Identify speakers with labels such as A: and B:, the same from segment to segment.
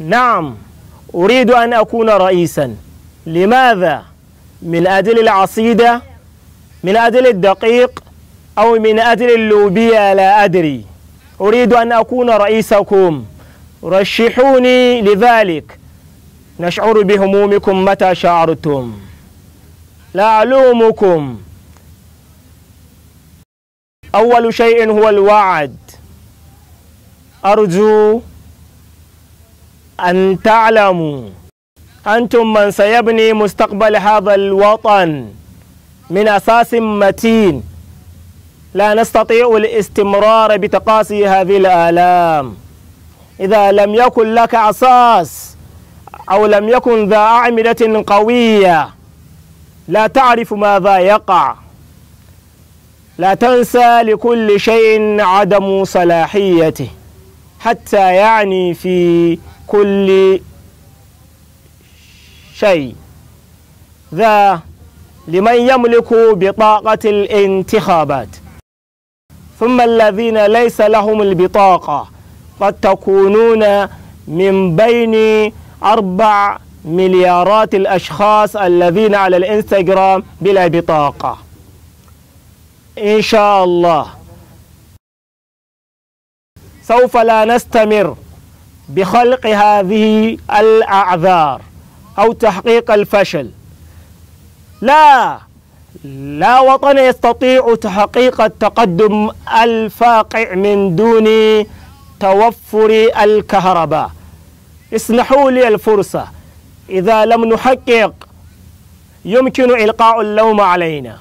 A: نعم أريد أن أكون رئيسا لماذا؟ من أجل العصيدة من أجل الدقيق أو من أجل اللوبية لا أدري أريد أن أكون رئيسكم رشحوني لذلك نشعر بهمومكم متى شعرتم لا ألومكم أول شيء هو الوعد أرجو أن تعلموا أنتم من سيبني مستقبل هذا الوطن من أساس متين لا نستطيع الاستمرار بتقاسي هذه الآلام إذا لم يكن لك أساس أو لم يكن ذا أعمدة قوية لا تعرف ماذا يقع لا تنسى لكل شيء عدم صلاحيته حتى يعني في كل شيء ذا لمن يملك بطاقة الانتخابات ثم الذين ليس لهم البطاقة قد تكونون من بين أربع مليارات الأشخاص الذين على الإنستغرام بلا بطاقة إن شاء الله سوف لا نستمر بخلق هذه الأعذار أو تحقيق الفشل لا لا وطن يستطيع تحقيق التقدم الفاقع من دون توفر الكهرباء اسمحوا لي الفرصة إذا لم نحقق يمكن إلقاء اللوم علينا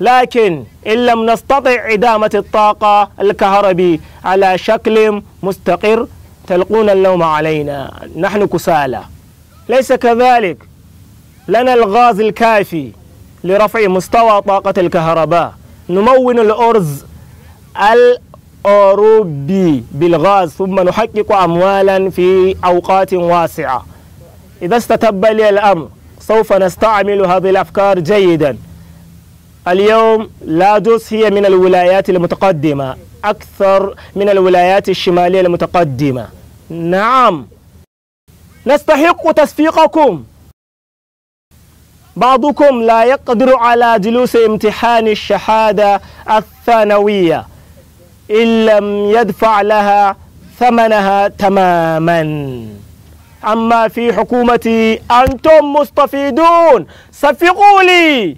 A: لكن إن لم نستطع إدامة الطاقة الكهربي على شكل مستقر تلقون اللوم علينا نحن كسالى ليس كذلك لنا الغاز الكافي لرفع مستوى طاقة الكهرباء نمون الأرز الأوروبي بالغاز ثم نحقق أموالا في أوقات واسعة إذا استتب لي الأمر سوف نستعمل هذه الأفكار جيدا اليوم لادوس هي من الولايات المتقدمة أكثر من الولايات الشمالية المتقدمة نعم نستحق تصفيقكم بعضكم لا يقدر على جلوس امتحان الشهادة الثانوية إن لم يدفع لها ثمنها تماما أما في حكومتي أنتم مستفيدون صفقوا لي